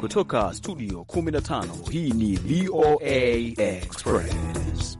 Kutoka studio 15 hii ni VOA Express.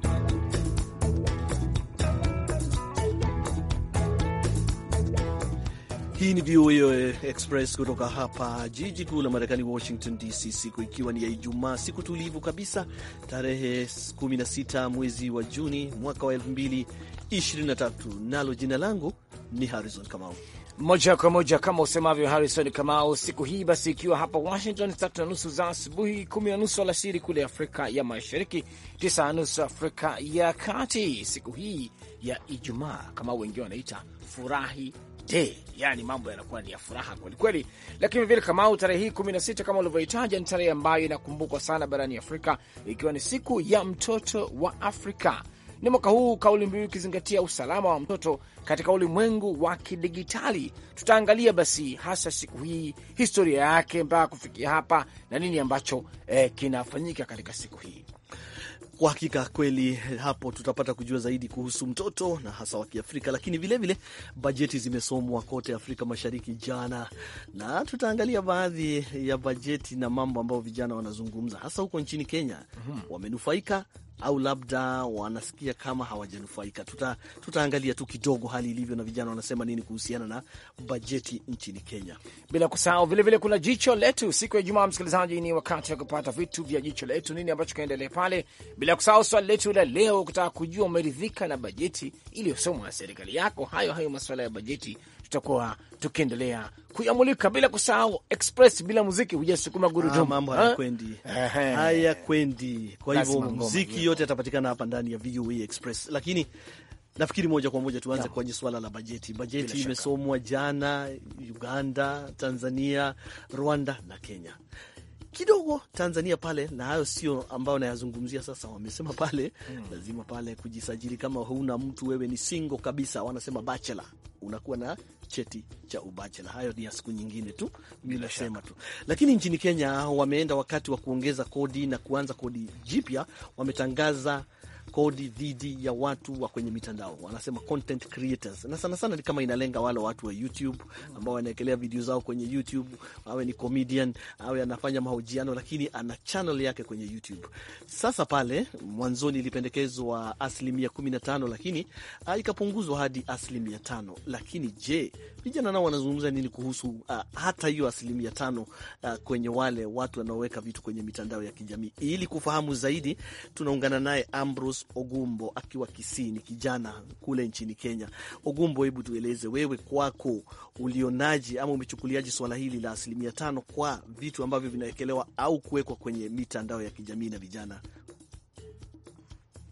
Hii ni VOA Express kutoka hapa jiji kuu la Marekani, Washington DC, siku ikiwa ni ya Ijumaa, siku tulivu kabisa, tarehe 16 mwezi wa Juni mwaka wa 2023. Nalo jina langu ni Harrison Kamau moja kwa moja kama usemavyo Harrison Kamau, siku hii basi, ikiwa hapa Washington tatu na nusu za asubuhi, kumi na nusu alasiri kule Afrika ya Mashariki, tisa na nusu Afrika ya Kati, siku hii ya Ijumaa kama wengi wanaita furahi day, yani mambo yanakuwa ni ya furaha kwelikweli. Lakini vile Kamau, tarehe hii kumi na sita kama ulivyohitaja ni tarehe ambayo inakumbukwa sana barani Afrika, ikiwa ni siku ya mtoto wa Afrika ni mwaka huu, kauli mbiu ikizingatia usalama wa mtoto katika ulimwengu wa kidigitali Tutaangalia basi hasa siku hii, historia yake mpaka kufikia hapa na nini ambacho eh, kinafanyika katika siku hii. Kwa hakika kweli, hapo tutapata kujua zaidi kuhusu mtoto na hasa wa Kiafrika, lakini vilevile bajeti zimesomwa kote Afrika Mashariki jana, na tutaangalia baadhi ya bajeti na mambo ambayo vijana wanazungumza hasa huko nchini Kenya. mm -hmm. Wamenufaika au labda wanasikia kama hawajanufaika. Tuta, tutaangalia tu kidogo hali ilivyo na vijana wanasema nini kuhusiana na bajeti nchini Kenya, bila kusahau vilevile kuna jicho letu siku ya Jumaa. Msikilizaji, ni wakati wa kupata vitu vya jicho letu, nini ambacho kinaendelea pale, bila kusahau swali letu la leo, kutaka kujua umeridhika na bajeti iliyosomwa na serikali yako. Hayo hayo masuala ya bajeti tutakuwa tukiendelea kuyamulika, bila kusahau Express. Bila muziki hujasukuma gurudumu, ah, mambo hayakwendi, eh? hayakwendi. Kwa hivyo muziki yote atapatikana hapa ndani ya VOA Express, lakini nafikiri moja kwa moja tuanze kwenye swala la bajeti. Bajeti imesomwa jana, Uganda, Tanzania, Rwanda na Kenya kidogo Tanzania pale, na hayo sio ambayo nayazungumzia sasa. Wamesema pale mm, lazima pale kujisajili, kama huna mtu wewe ni single kabisa, wanasema bachelor, unakuwa na cheti cha ubachela. Hayo ni ya siku nyingine tu, ninasema tu. Lakini nchini Kenya wameenda wakati wa kuongeza kodi na kuanza kodi jipya, wametangaza kodi dhidi ya watu wa kwenye mitandao, wanasema content creators, na sana sana ni kama inalenga wale watu wa YouTube ambao wanaekelea video zao kwenye YouTube, awe ni comedian, awe anafanya mahojiano, lakini ana channel yake kwenye YouTube. Sasa pale mwanzoni ilipendekezwa asilimia 15, lakini ah, ikapunguzwa hadi asilimia tano. Lakini je, vijana nao wanazungumza nini kuhusu uh, hata hiyo asilimia tano uh, kwenye wale watu wanaoweka vitu kwenye mitandao ya kijamii? Ili kufahamu zaidi tunaungana naye Ambrose Ogumbo akiwa Kisii, ni kijana kule nchini Kenya. Ogumbo, hebu tueleze wewe kwako ulionaji ama umechukuliaji swala hili la asilimia tano kwa vitu ambavyo vinawekelewa au kuwekwa kwenye mitandao ya kijamii na vijana?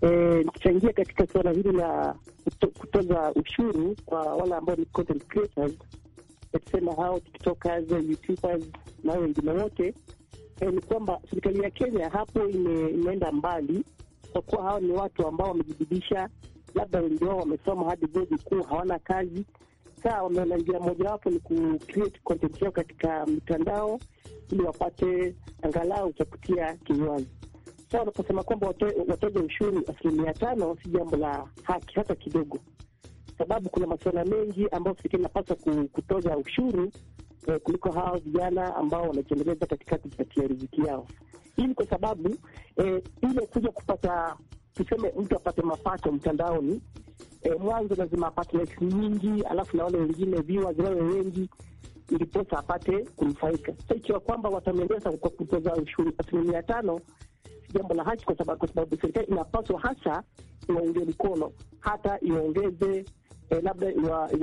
Eh, Nikichangia katika suala hili la kutoza ushuru kwa wale ambao ni content creators, tukisema hao tiktokers, youtubers na wengine wote, eh, ni kwamba serikali ya Kenya hapo imeenda mbali kuwa hawa ni watu ambao wamejibidisha, labda wengi wao wamesoma hadi vyuo vikuu, hawana kazi. Saa wameona njia mojawapo ni kuyao content yao katika mitandao ili wapate angalau cha kutia kinywaji. Saa wanaposema kwamba watoza ushuru asilimia tano, si jambo la haki hata kidogo, sababu kuna masuala mengi ambayo serikali inapaswa kutoza ushuru Eh, kuliko hawa vijana ambao wanachendeleza katika kujipatia riziki yao. Hii ni kwa sababu eh, ile kuja kupata tuseme, mtu apate mapato mtandaoni eh, mwanzo lazima apate likes nyingi, alafu na wale wengine viewers wawe wengi ndiposa apate kunufaika. Sasa ikiwa kwamba watamendeleza kwa kutoza ushuru asilimia tano jambo la haki, kwa sababu serikali inapaswa hasa iwaunge mkono, hata iongeze eh, labda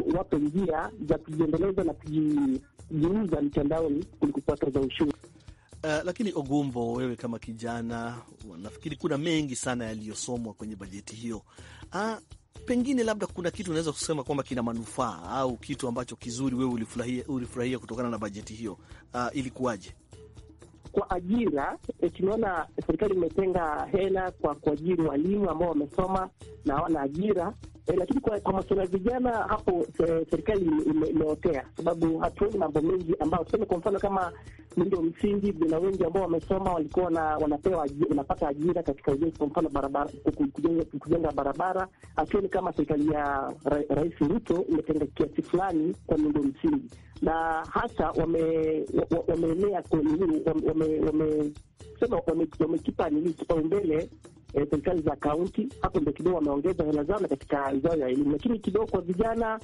iwape njia za kujiendeleza na kujiuza mtandaoni kuliko za ushuru. Uh, lakini Ogumbo, wewe kama kijana, nafikiri kuna mengi sana yaliyosomwa kwenye bajeti hiyo. Ah, pengine labda kuna kitu unaweza kusema kwamba kina manufaa au kitu ambacho kizuri wewe ulifurahia, ulifurahia kutokana na bajeti hiyo. Uh, ilikuwaje? Kwa ajira e, tumeona serikali imetenga hela kwa kuajiri walimu ambao wamesoma na wana ajira e, lakini kwa, kwa masuala ya vijana hapo se, eh, serikali imeotea, sababu hatuoni mambo mengi ambayo tuseme, kwa mfano kama miundo msingi, vijana wengi ambao wamesoma walikuwa wanapewa wanapata ajira katika ujenzi, kwa mfano barabara, kujenga barabara. Hatuoni kama serikali ya Rais Ruto imetenga kiasi fulani kwa miundo msingi na hasa wameelea wamesema wamekipa nini kipaumbele eh, serikali za kaunti. Hapo ndo kidogo wameongeza hela zao na katika wizara ya elimu, lakini kidogo kwa vijana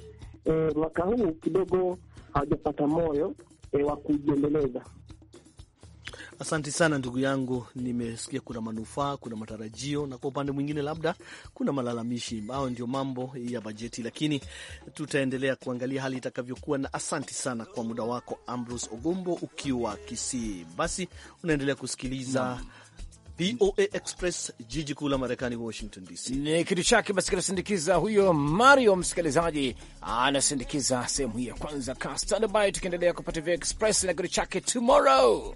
eh, mwaka huu kidogo hawajapata moyo eh, wa kujiendeleza. Asante sana ndugu yangu, nimesikia kuna manufaa, kuna matarajio na kwa upande mwingine labda kuna malalamishi. Hayo ndio mambo ya bajeti, lakini tutaendelea kuangalia hali itakavyokuwa. Na asanti sana kwa muda wako Ambrose Ogombo ukiwa Kisii. Basi unaendelea kusikiliza mm. VOA Express, jiji kuu la Marekani, Washington DC. Ni kitu chake basi kinasindikiza huyo Mario msikilizaji, anasindikiza sehemu hii ya kwanza. Ka standby, tukiendelea kupata VOA Express na kitu chake tomorrow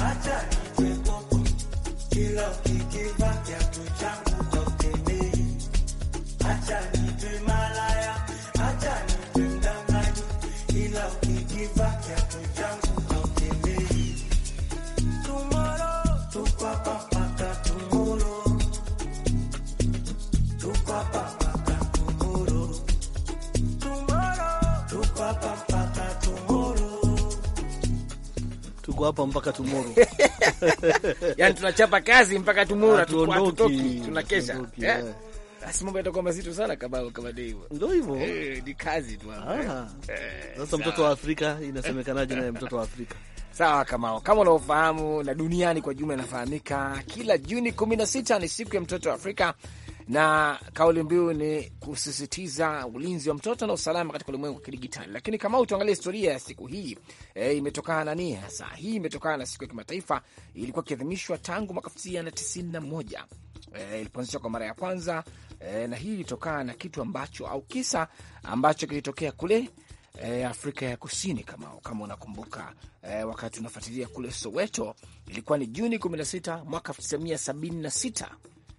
Acha tuko hapa mpaka tumoro. yani tunachapa kazi mpaka tumoro, ah, hatuondoki, tunakesha eh? basi mambo yatakuwa mazito sana kama kama dai hivyo. Ndio hivyo. Eh, ni kazi tu hapa. Eh. Eh, Sasa mtoto wa Afrika inasemekanaje naye mtoto wa Afrika? Sawa kama kama unaofahamu na duniani kwa jumla inafahamika kila Juni 16 ni siku ya mtoto wa Afrika na kauli mbiu ni kusisitiza ulinzi wa mtoto na usalama katika ulimwengu wa kidigitali. Lakini kama utuangalia historia ya siku hii e, imetokana na nini hasa? Hii imetokana na siku ya kimataifa, ilikuwa ikiadhimishwa tangu mwaka na tisini moja e, ilipoanzishwa kwa mara ya kwanza e, na hii ilitokana na kitu ambacho au kisa ambacho kilitokea kule E, Afrika ya Kusini kama, kama unakumbuka e, wakati unafuatilia kule Soweto, ilikuwa ni Juni 16 mwaka 1976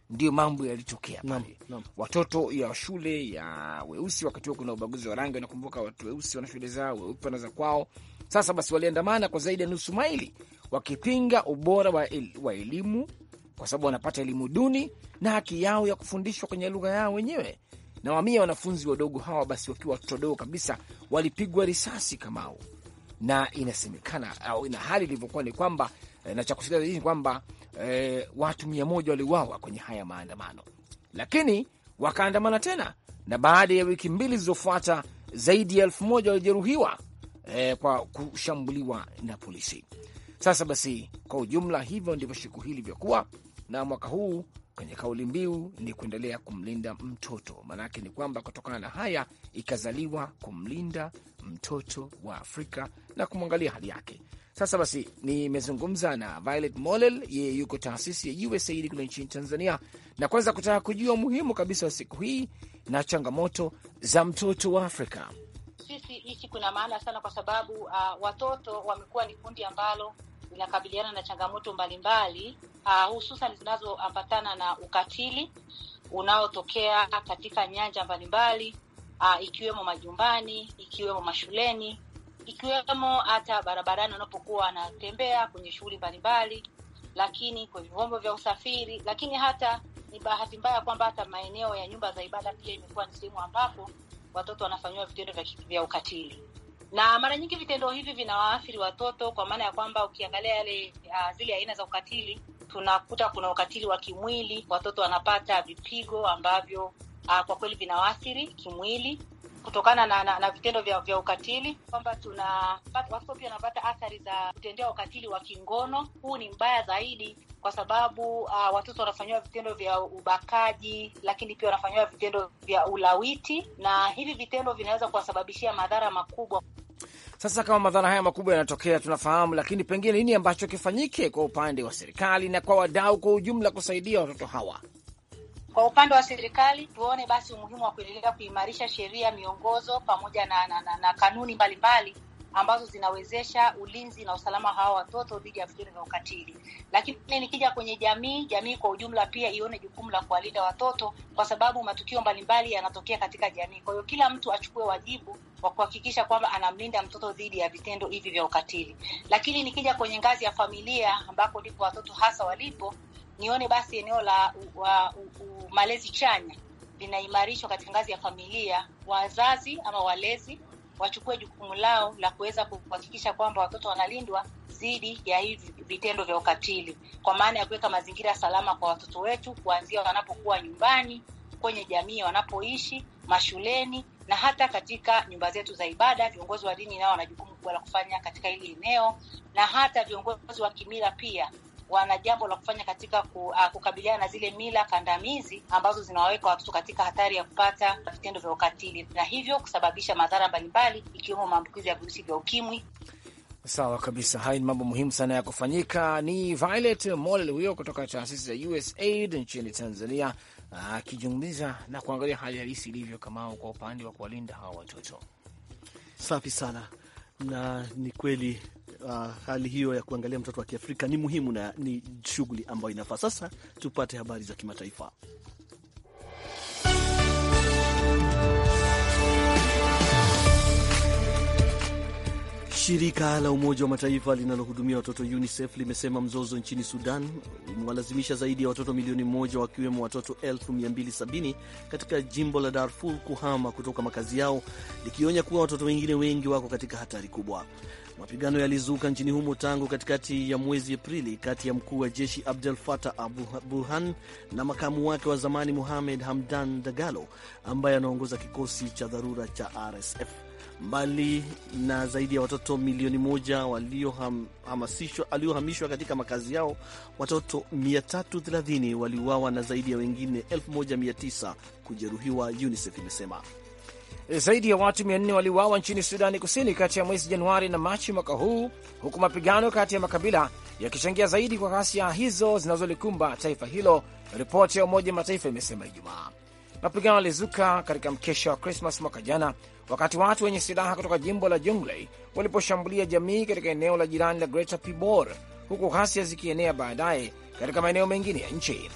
ndio mambo yalitokea pale. Watoto ya shule ya weusi, wakati huo kuna ubaguzi wa rangi, nakumbuka watu weusi wana shule zao, weupe za kwao. Sasa basi, waliandamana kwa zaidi ya nusu maili wakipinga ubora wa, el, wa elimu kwa sababu wanapata elimu duni na haki yao ya kufundishwa kwenye lugha yao wenyewe. Na mamia wanafunzi wadogo hawa basi, wakiwa watoto wadogo kabisa, walipigwa risasi Kamau, na inasemekana au ina hali ilivyokuwa ni kwamba e, na cha kusikia zaidi ni kwamba e, watu mia moja waliuawa kwenye haya maandamano, lakini wakaandamana tena, na baada ya wiki mbili zilizofuata zaidi ya elfu moja walijeruhiwa e, kwa kushambuliwa na polisi. Sasa basi, kwa ujumla, hivyo ndivyo siku hii ilivyokuwa, na mwaka huu kwenye kauli mbiu ni kuendelea kumlinda mtoto. Maanake ni kwamba kutokana na haya ikazaliwa kumlinda mtoto wa Afrika na kumwangalia hali yake. Sasa basi, nimezungumza na Violet Molel, yeye yuko taasisi ya USAID kule nchini Tanzania, na kwanza kutaka kujua umuhimu kabisa wa siku hii na changamoto za mtoto wa Afrika. Sisi hii siku ina maana sana kwa sababu uh, watoto wamekuwa ni kundi ambalo linakabiliana na changamoto mbalimbali uh, hususan zinazoambatana na ukatili unaotokea katika nyanja mbalimbali uh, ikiwemo majumbani, ikiwemo mashuleni ikiwemo hata barabarani wanapokuwa wanatembea kwenye shughuli mbalimbali, lakini kwenye vyombo vya usafiri, lakini hata ni bahati mbaya kwamba hata maeneo ya nyumba za ibada pia imekuwa ni sehemu ambapo watoto wanafanyiwa vitendo vya, vya ukatili na mara nyingi vitendo hivi vinawaathiri watoto kwa maana ya kwamba ukiangalia yale uh, zile aina za ukatili tunakuta kuna ukatili wa kimwili, watoto wanapata vipigo ambavyo uh, kwa kweli vinawaathiri kimwili, kutokana na, na, na vitendo vya, vya ukatili kwamba tuna watoto pia wanapata athari za kutendea ukatili wa kingono. Huu ni mbaya zaidi kwa sababu uh, watoto wanafanyiwa vitendo vya ubakaji, lakini pia wanafanyiwa vitendo vya ulawiti, na hivi vitendo vinaweza kuwasababishia madhara makubwa. Sasa kama madhara haya makubwa yanatokea, tunafahamu, lakini pengine nini ambacho kifanyike kwa upande wa serikali na kwa wadau kwa ujumla kusaidia watoto hawa? Kwa upande wa serikali, tuone basi umuhimu wa kuendelea kuimarisha sheria, miongozo pamoja na, na, na, na kanuni mbalimbali ambazo zinawezesha ulinzi na usalama hawa watoto dhidi ya vitendo vya ukatili. Lakini nikija kwenye jamii, jamii kwa ujumla pia ione jukumu la kuwalinda watoto, kwa sababu matukio mbalimbali yanatokea katika jamii. Kwa hiyo kila mtu achukue wajibu wa kuhakikisha kwamba anamlinda mtoto dhidi ya vitendo hivi vya ukatili. Lakini nikija kwenye ngazi ya familia, ambako ndipo watoto hasa walipo, nione basi eneo la u, wa, u, u, malezi chanya linaimarishwa katika ngazi ya familia. Wazazi ama walezi wachukue jukumu lao la kuweza kuhakikisha kwamba watoto wanalindwa dhidi ya hivi vitendo vya ukatili, kwa maana ya kuweka mazingira salama kwa watoto wetu kuanzia wanapokuwa nyumbani, kwenye jamii wanapoishi, mashuleni na hata katika nyumba zetu za ibada. Viongozi wa dini nao wana jukumu kubwa la kufanya katika hili eneo, na hata viongozi wa kimila pia wana jambo la kufanya katika ku, uh, kukabiliana na zile mila kandamizi ambazo zinawaweka watoto katika hatari ya kupata vitendo vya ukatili na hivyo kusababisha madhara mbalimbali ikiwemo maambukizi ya virusi vya ukimwi. Sawa kabisa, haya ni mambo muhimu sana ya kufanyika. Ni Violet Mollel huyo kutoka taasisi za USAID nchini Tanzania uh, na kuangalia hali halisi ilivyo kamao kwa upande wa kuwalinda hawa watoto. Safi sana, na ni kweli uh, hali hiyo ya kuangalia mtoto wa Kiafrika ni muhimu na ni shughuli ambayo inafaa. Sasa tupate habari za kimataifa. Shirika la Umoja wa Mataifa linalohudumia watoto UNICEF limesema mzozo nchini Sudan umewalazimisha zaidi ya watoto milioni moja wakiwemo watoto 270 katika jimbo la Darfur kuhama kutoka makazi yao, likionya kuwa watoto wengine wengi wako katika hatari kubwa. Mapigano yalizuka nchini humo tangu katikati ya mwezi Aprili kati ya mkuu wa jeshi Abdel Fattah al-Burhan na makamu wake wa zamani Mohamed Hamdan Dagalo ambaye anaongoza kikosi cha dharura cha RSF mbali na zaidi ya watoto milioni moja waliohamishwa waliohamishwa katika makazi yao, watoto 330 waliuawa na zaidi ya wengine 1900 kujeruhiwa, UNICEF imesema. E, zaidi ya watu 400 waliuawa nchini Sudani Kusini kati ya mwezi Januari na Machi mwaka huu, huku mapigano kati ya makabila yakichangia zaidi kwa ghasia hizo zinazolikumba taifa hilo, ripoti ya Umoja Mataifa imesema Ijumaa. Mapigano yalizuka katika mkesha wa Krismas mwaka jana wakati watu wenye silaha kutoka jimbo la Jonglei waliposhambulia jamii katika eneo la jirani la Greater Pibor, huku ghasia zikienea baadaye katika maeneo mengine ya nchi.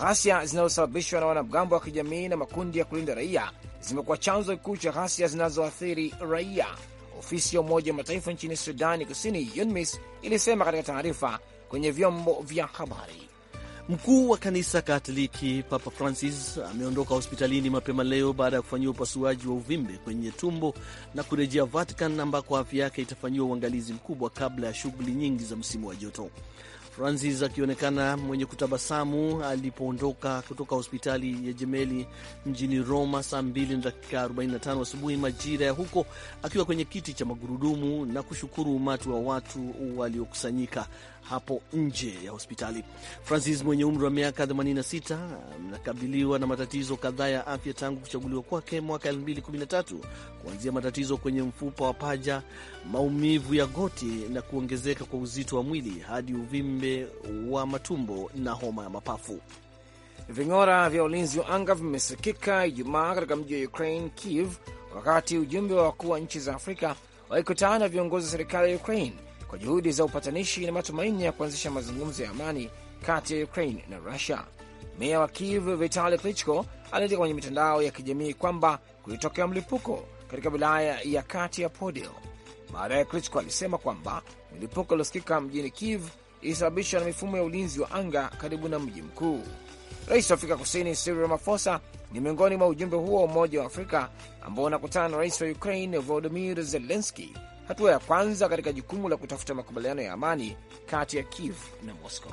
Ghasia zinazosababishwa na wanamgambo wa kijamii na makundi ya kulinda raia zimekuwa chanzo kikuu cha ghasia zinazoathiri raia. Ofisi ya Umoja wa Mataifa nchini Sudani Kusini, UNMISS, ilisema katika taarifa kwenye vyombo vya habari. Mkuu wa kanisa Katoliki Papa Francis ameondoka hospitalini mapema leo baada ya kufanyiwa upasuaji wa uvimbe kwenye tumbo na kurejea Vatican ambako afya yake itafanyiwa uangalizi mkubwa kabla ya shughuli nyingi za msimu wa joto. Francis akionekana mwenye kutabasamu alipoondoka kutoka hospitali ya Jemeli mjini Roma saa 2 na dakika 45 asubuhi majira ya huko, akiwa kwenye kiti cha magurudumu na kushukuru umati wa watu waliokusanyika hapo nje ya hospitali. Francis mwenye umri wa miaka 86 anakabiliwa na matatizo kadhaa ya afya tangu kuchaguliwa kwake mwaka 2013, kuanzia matatizo kwenye mfupa wa paja, maumivu ya goti na kuongezeka kwa uzito wa mwili hadi uvimbe wa matumbo na homa ya mapafu. Ving'ora vya ulinzi wa anga vimesikika Ijumaa katika mji wa Ukraine, Kiev, wakati ujumbe wa wakuu wa nchi za Afrika wakikutana na viongozi wa serikali ya Ukraine kwa juhudi za upatanishi na matumaini ya kuanzisha mazungumzo ya amani kati ya Ukraine na Rusia. Meya wa Kiev Vitali Klitschko aliandika kwenye mitandao ya kijamii kwamba kulitokea mlipuko katika wilaya ya kati ya Podil. Baadaye Klitschko alisema kwamba mlipuko uliosikika mjini Kiev ilisababishwa na mifumo ya ulinzi wa anga karibu na mji mkuu. Rais wa Afrika Kusini Cyril Ramaphosa ni miongoni mwa ujumbe huo wa Umoja wa Afrika ambao unakutana na rais wa Ukraine volodimir zelenski hatua ya kwanza katika jukumu la kutafuta makubaliano ya amani kati ya Kiev na Moscow.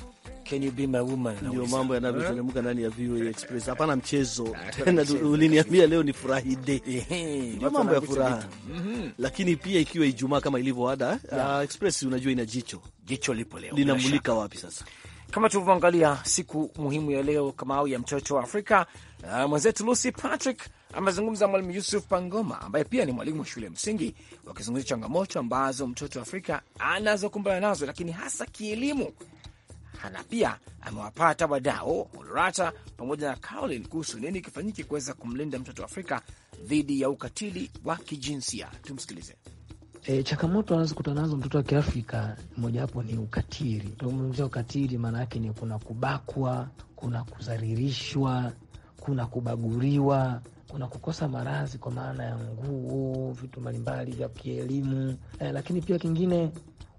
Can you be my woman? Ndio mambo yanavyoteremka ndani ya VOA Express. Hapana mchezo tena, ah, uliniambia leo ni furahi day, ndio mambo ya furaha. Mhm. Lakini pia ikiwa Ijumaa kama ilivyo ada, ah, Express unajua ina jicho, jicho lipo leo linamulika wapi sasa kama tulivyoangalia siku muhimu ya leo kama au ya mtoto wa Afrika. Uh, mwenzetu Lucy Patrick amezungumza mwalimu Yusuf Pangoma ambaye pia ni mwalimu wa shule ya msingi, wakizungumzia changamoto ambazo mtoto wa Afrika anazokumbana nazo, lakini hasa kielimu na pia amewapata wadao Olorata pamoja na Carolin kuhusu nini kifanyike kuweza kumlinda mtoto wa Afrika dhidi ya ukatili wa kijinsia. Tumsikilize. E, changamoto anazokutana nazo mtoto wa Kiafrika mojawapo ni ukatili. Tumzungumzia ukatili, maana yake ni kuna kubakwa, kuna kudhalilishwa, kuna kubaguliwa, kuna kukosa maradhi kwa maana ya nguo, vitu mbalimbali vya kielimu e, lakini pia kingine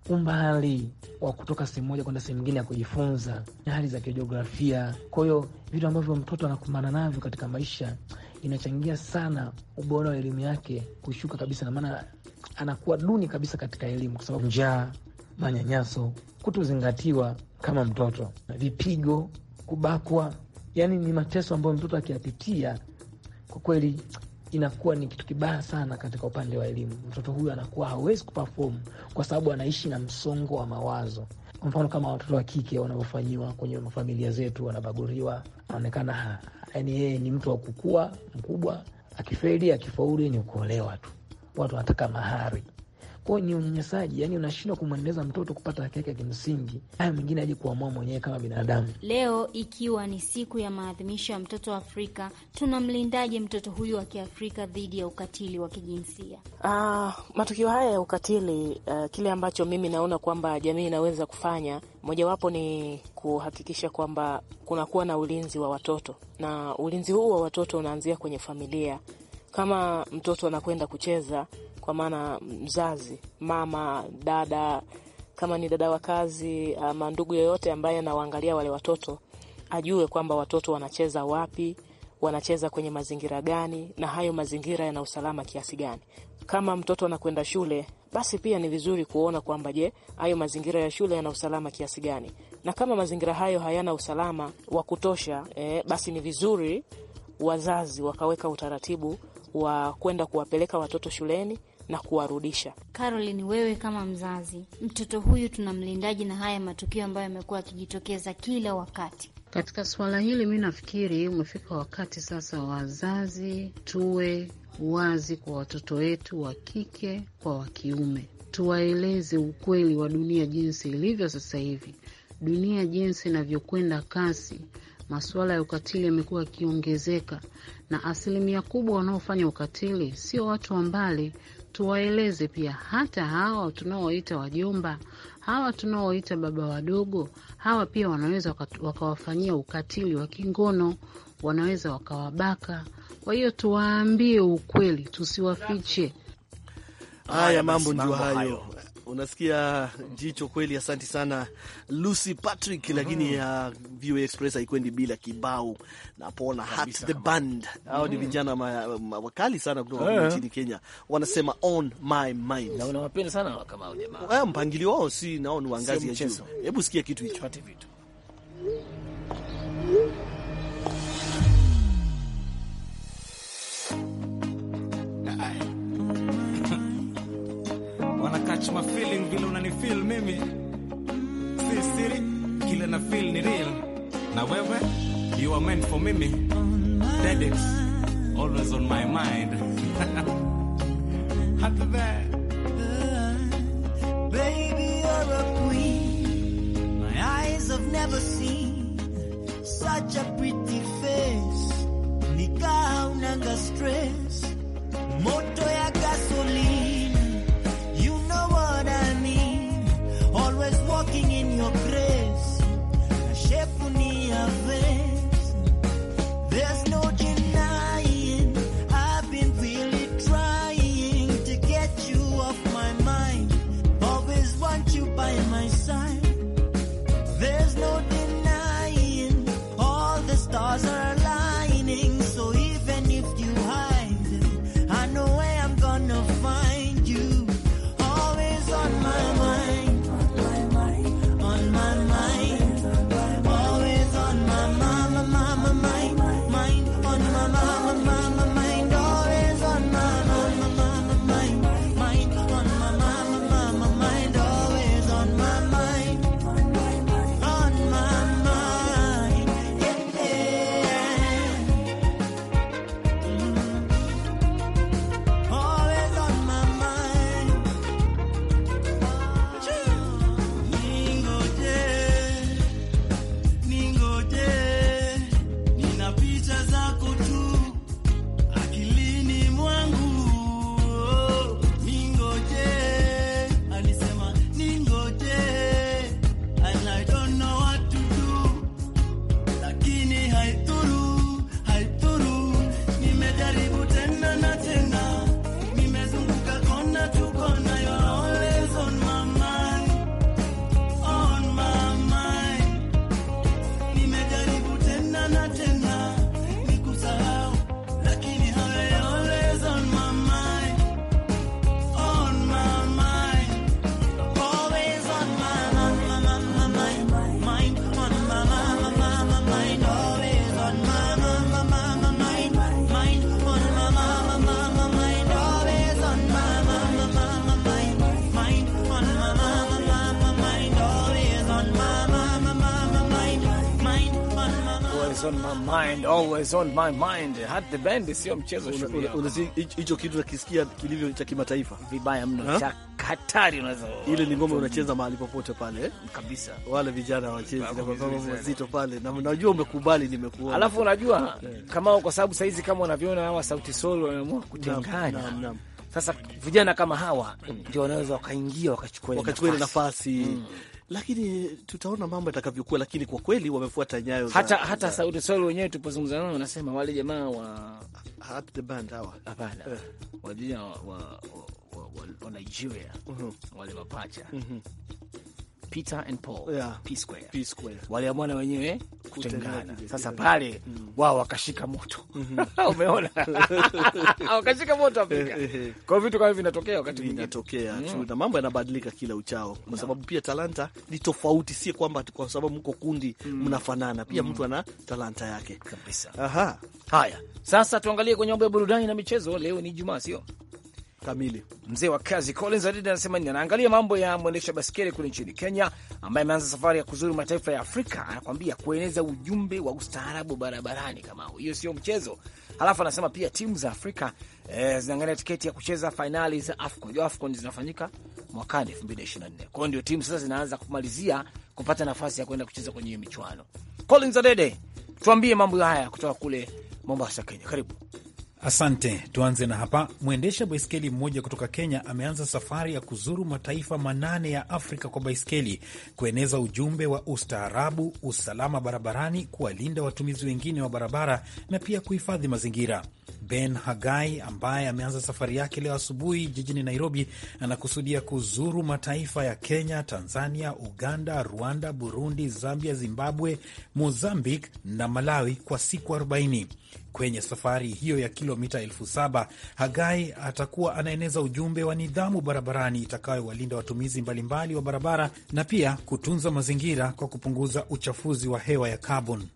umbali wa kutoka sehemu moja kwenda sehemu nyingine ya kujifunza, hali za kijiografia. Kwa hiyo vitu ambavyo mtoto anakumbana navyo katika maisha inachangia sana ubora wa elimu yake kushuka kabisa, na maana anakuwa duni kabisa katika elimu, kwa sababu njaa, manyanyaso, kutozingatiwa kama mtoto, vipigo, kubakwa, yani ni mateso ambayo mtoto akiyapitia kwa kweli inakuwa ni kitu kibaya sana katika upande wa elimu. Mtoto huyu anakuwa hawezi kuperform kwa sababu anaishi na msongo wa mawazo. Kwa mfano kama watoto wa kike wanavyofanyiwa kwenye familia zetu, wanabaguriwa, anaonekana yani yeye ni mtu wa kukua mkubwa, akifeli akifauli ni kuolewa tu. Watu wanataka mahari kwao ni unyanyasaji, yani unashindwa kumwendeleza mtoto kupata haki yake ya kimsingi. Haya mwingine aje kuamua mwenyewe kama binadamu. Leo ikiwa ni siku ya maadhimisho ya mtoto wa Afrika, tunamlindaje mtoto huyu wa Kiafrika dhidi ya ukatili wa kijinsia? Uh, matukio haya ya ukatili uh, kile ambacho mimi naona kwamba jamii inaweza kufanya mojawapo ni kuhakikisha kwamba kunakuwa na ulinzi wa watoto, na ulinzi huu wa watoto unaanzia kwenye familia. Kama mtoto anakwenda kucheza kwa maana mzazi, mama, dada, kama ni dada wa kazi ama ndugu yoyote ambaye anawaangalia wale watoto, ajue kwamba watoto wanacheza wapi, wanacheza kwenye mazingira gani, na hayo mazingira yana usalama kiasi gani. Kama mtoto anakwenda shule, basi pia ni vizuri kuona kwamba je, hayo mazingira ya shule yana usalama kiasi gani, na kama mazingira hayo hayana usalama wa kutosha eh, basi ni vizuri wazazi wakaweka utaratibu wa kwenda kuwapeleka watoto shuleni na kuwarudisha. Caroline, wewe kama mzazi, mtoto huyu mlindaji na haya matukio ambayo yamekuwa yakijitokeza kila wakati? Katika suala hili mi nafikiri umefika wakati sasa wazazi tuwe wazi kwa watoto wetu wa kike kwa wa kiume, tuwaeleze ukweli wa dunia jinsi ilivyo sasa hivi. Dunia jinsi inavyokwenda kasi, masuala ya ukatili yamekuwa yakiongezeka, na asilimia kubwa wanaofanya ukatili sio watu wa mbali, tuwaeleze pia hata hawa tunaowaita wajomba, hawa tunaowaita baba wadogo, hawa pia wanaweza wakawafanyia ukatili wa kingono, wanaweza wakawabaka. Kwa hiyo tuwaambie ukweli, tusiwafiche haya mambo. Ndio hayo Unasikia jicho kweli, asanti sana Lucy Patrick. mm -hmm. Lakini ya uh, VOA Express haikwendi bila kibao napona hat the band au mm -hmm. Ni vijana wakali sana kutoka yeah. nchini Kenya wanasema on my mind, na unawapenda sana kama jamaa. Eh, mpangilio wao si nao ni wangazi ya juu. Hebu sikia kitu hicho. Wanna catch my feeling vile feel, mimi, si siri, kile na feel ni real, na wewe you are meant for mimi, dead always on my mind hata there baby you're a queen my eyes have never seen such a pretty always on my mind hat the band, sio mchezo. Hicho kitu nakisikia kilivyo cha kimataifa vibaya mno cha hatari, unaweza ile ni ngoma unacheza mahali popote pale eh? kabisa, wale vijana wacheze kwa sababu mzito pale, na unajua umekubali, nimekuona. Alafu unajua eh. kama kwa sababu saizi kama unavyoona hawa Sauti solo wameamua kutengana sasa vijana kama hawa ndio wanaweza wakaingia wakachukua wakachukua ile nafasi mm. Lakini tutaona mambo yatakavyokuwa, lakini kwa kweli wamefuata nyayo za, hata, hata Sauti Sol wenyewe tupozungumza nao wanasema wale jamaa wa hapana eh. wajia wa, wa, wa, wa, wa Nigeria uh mhm. -huh. wale mapacha uh mhm. -huh Peter and Paul yeah. P Square, P Square waliamwana wenyewe kutengana. Sasa pale mm-hmm. wao wakashika moto, mm-hmm. umeona, wakashika moto Afrika. Kwa vitu kama vinatokea wakati vinatokea mm. na mambo yanabadilika kila uchao, kwa sababu pia talanta ni tofauti, si kwamba kwa sababu mko kundi mm. mnafanana mm. pia mm. mtu ana talanta yake kabisa. Aha, haya sasa tuangalie kwenye mambo ya burudani na michezo. Leo ni Ijumaa, sio kamili. Mzee wa kazi Collins Adede anasema ni Anaangalia mambo ya mwendesha baskeli kule nchini Kenya, ambaye ameanza safari ya kuzuru mataifa ya Afrika. Anakwambia kueneza ujumbe wa ustaarabu barabarani, kama hiyo sio mchezo. Halafu anasema pia timu za Afrika eh, zinaangalia tiketi ya kucheza fainali za AFCON. AFCON zinafanyika mwakani elfu mbili na na nne. kwao, ndio timu sasa zinaanza kumalizia kupata nafasi ya kuenda kucheza kwenye hiyo michuano. Collins Adede, tuambie mambo haya kutoka kule Mombasa, Kenya. Karibu. Asante. Tuanze na hapa. Mwendesha baiskeli mmoja kutoka Kenya ameanza safari ya kuzuru mataifa manane ya Afrika kwa baiskeli kueneza ujumbe wa ustaarabu, usalama barabarani, kuwalinda watumizi wengine wa barabara na pia kuhifadhi mazingira. Ben Hagai ambaye ameanza safari yake leo asubuhi jijini Nairobi anakusudia kuzuru mataifa ya Kenya, Tanzania, Uganda, Rwanda, Burundi, Zambia, Zimbabwe, Mozambique na Malawi kwa siku 40. Kwenye safari hiyo ya kilomita elfu saba Hagai atakuwa anaeneza ujumbe wa nidhamu barabarani itakayowalinda watumizi mbalimbali wa barabara na pia kutunza mazingira kwa kupunguza uchafuzi wa hewa ya kaboni.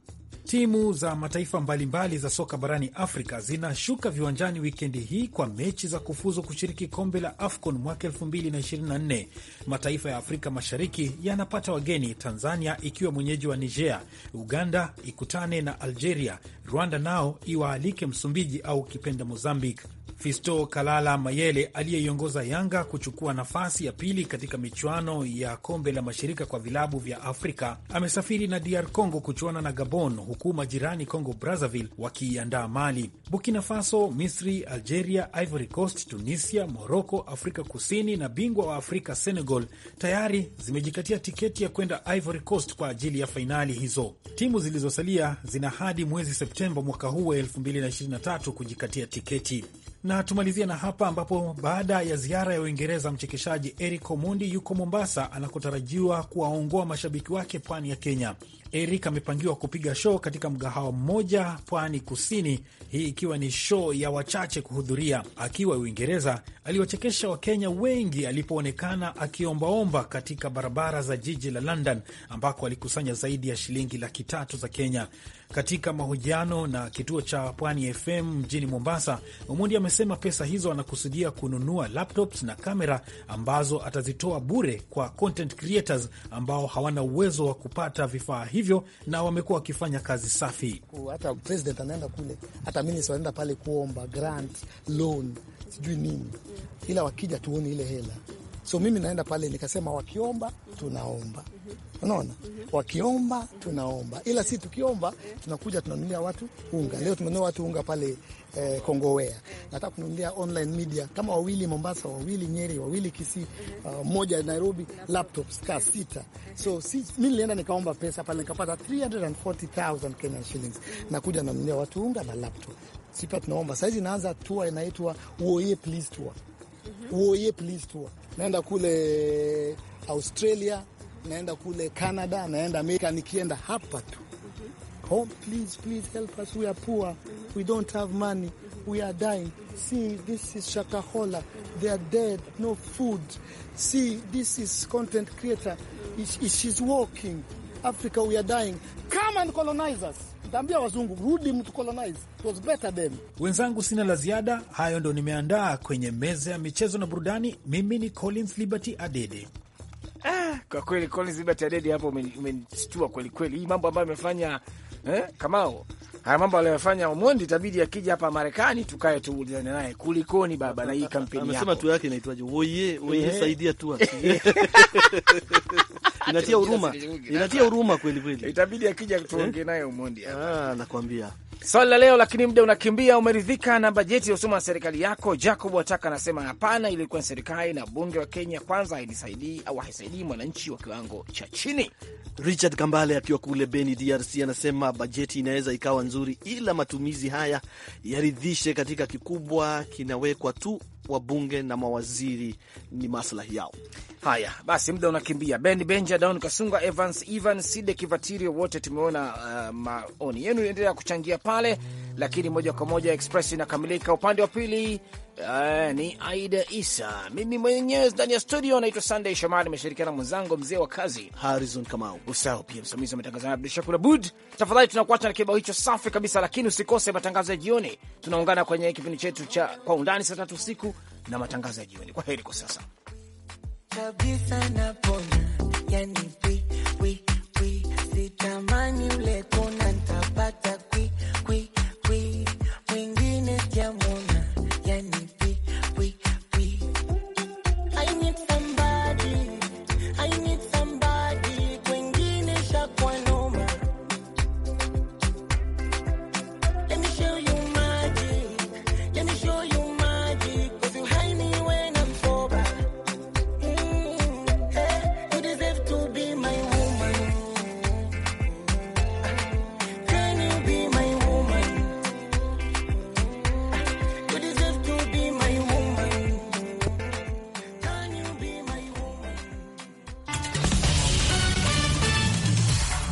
Timu za mataifa mbalimbali za soka barani Afrika zinashuka viwanjani wikendi hii kwa mechi za kufuzu kushiriki kombe la AFCON mwaka 2024. Mataifa ya Afrika Mashariki yanapata wageni, Tanzania ikiwa mwenyeji wa Niger, Uganda ikutane na Algeria, Rwanda nao iwaalike Msumbiji au kipenda Mozambique. Fisto Kalala Mayele aliyeiongoza Yanga kuchukua nafasi ya pili katika michuano ya kombe la mashirika kwa vilabu vya Afrika amesafiri na DR Congo kuchuana na Gabon, huku majirani Congo Brazzaville wakiiandaa Mali, Burkina Faso, Misri, Algeria, Ivory Coast, Tunisia, Morocco, Afrika Kusini na bingwa wa Afrika Senegal tayari zimejikatia tiketi ya kwenda Ivory Coast kwa ajili ya fainali hizo. Timu zilizosalia zina hadi mwezi Septemba mwaka huu wa 2023 kujikatia tiketi. Na tumalizia na hapa ambapo baada ya ziara ya Uingereza, mchekeshaji Eric Omondi yuko Mombasa anakotarajiwa kuwaongoa mashabiki wake pwani ya Kenya. Eric amepangiwa kupiga show katika mgahawa mmoja pwani kusini, hii ikiwa ni show ya wachache kuhudhuria. Akiwa Uingereza, aliwachekesha Wakenya wengi alipoonekana akiombaomba katika barabara za jiji la London, ambako alikusanya zaidi ya shilingi laki tatu za Kenya. Katika mahojiano na kituo cha Pwani FM mjini Mombasa, Omondi amesema pesa hizo anakusudia kununua laptops na kamera ambazo atazitoa bure kwa content creators ambao hawana uwezo wa kupata vifaa hivyo, na wamekuwa wakifanya kazi safi. Hata president anaenda kule, hata minister anaenda pale kuomba grant, loan, sijui nini, ila wakija tuoni ile hela. So mimi naenda pale nikasema, wakiomba tunaomba, unaona wakiomba tunaomba, ila si tukiomba tunakuja tunanunulia watu unga. Leo tumenunua watu unga pale eh, Kongowea. Nataka kununulia online media kama wawili Mombasa, wawili Nyeri, wawili Kisii, uh, moja Nairobi, laptops ka sita. So si mimi nilienda nikaomba pesa pale nikapata 340,000 Kenyan shillings, nakuja nanunulia watu unga na laptop. Sipa tunaomba saizi, naanza tour inaitwa Woye Please Tour. Woye Please Tour, naenda kule eh, Australia naenda kule Canada, naenda Amerika, nikienda hapa tu home, oh, please please help us, we are poor, we don't have money, we are dying. See, this is Shakahola, they are dead, no food. See, this is content creator, she's walking Africa, we are dying. Come and colonize us. Tambia wazungu rudi, mtu colonize It was better then. Wenzangu, sina la ziada. Hayo ndo nimeandaa kwenye meza ya michezo na burudani. Mimi ni Collins Liberty Adede. Ah, kwa kweli Collins Adede hapo umenistua kweli kweli. Hii mambo ambayo amefanya eh, Kamao. Haya mambo aliyofanya Omondi itabidi akija hapa Marekani tukae tuulizane naye. Kulikoni baba na hii kampeni yako? Amesema tu yake inaitwaje? Woye, woye saidia tu. Inatia huruma. Inatia huruma kweli kweli. Itabidi akija tuongee eh? naye Omondi hapa. Ah, nakwambia. Swali la leo lakini muda unakimbia. Umeridhika na bajeti ya na serikali yako? Jacob Wataka anasema hapana, ilikuwa ni serikali na bunge wa Kenya kwanza hailisaidii au haisaidii mwananchi wa kiwango cha chini. Richard Kambale akiwa kule Beni, DRC, anasema bajeti inaweza ikawa nzuri, ila matumizi haya yaridhishe katika kikubwa kinawekwa tu wabunge na mawaziri ni maslahi yao. Haya basi, muda unakimbia. Ben Benja, Dawn Kasunga, Evans Evan Side Kivatirio, wote tumeona uh, maoni yenu, endelea kuchangia pale, lakini moja kwa moja Express inakamilika. Upande wa pili Uh, ni Aida Isa, mimi mwenyewe ndani ya studio naitwa Sunday Shomari, nimeshirikiana mwenzangu mzee wa kazi Harrison Kamau, usahau pia msimamizi wa matangazo haya Abdushakur Abud. Tafadhali tunakuacha na kibao hicho safi kabisa, lakini usikose matangazo ya jioni. Tunaungana kwenye kipindi chetu cha kwa undani saa tatu usiku na matangazo ya jioni. Kwa heri kwa sasa kabisa, napona yani, sitamani ule kona nitapata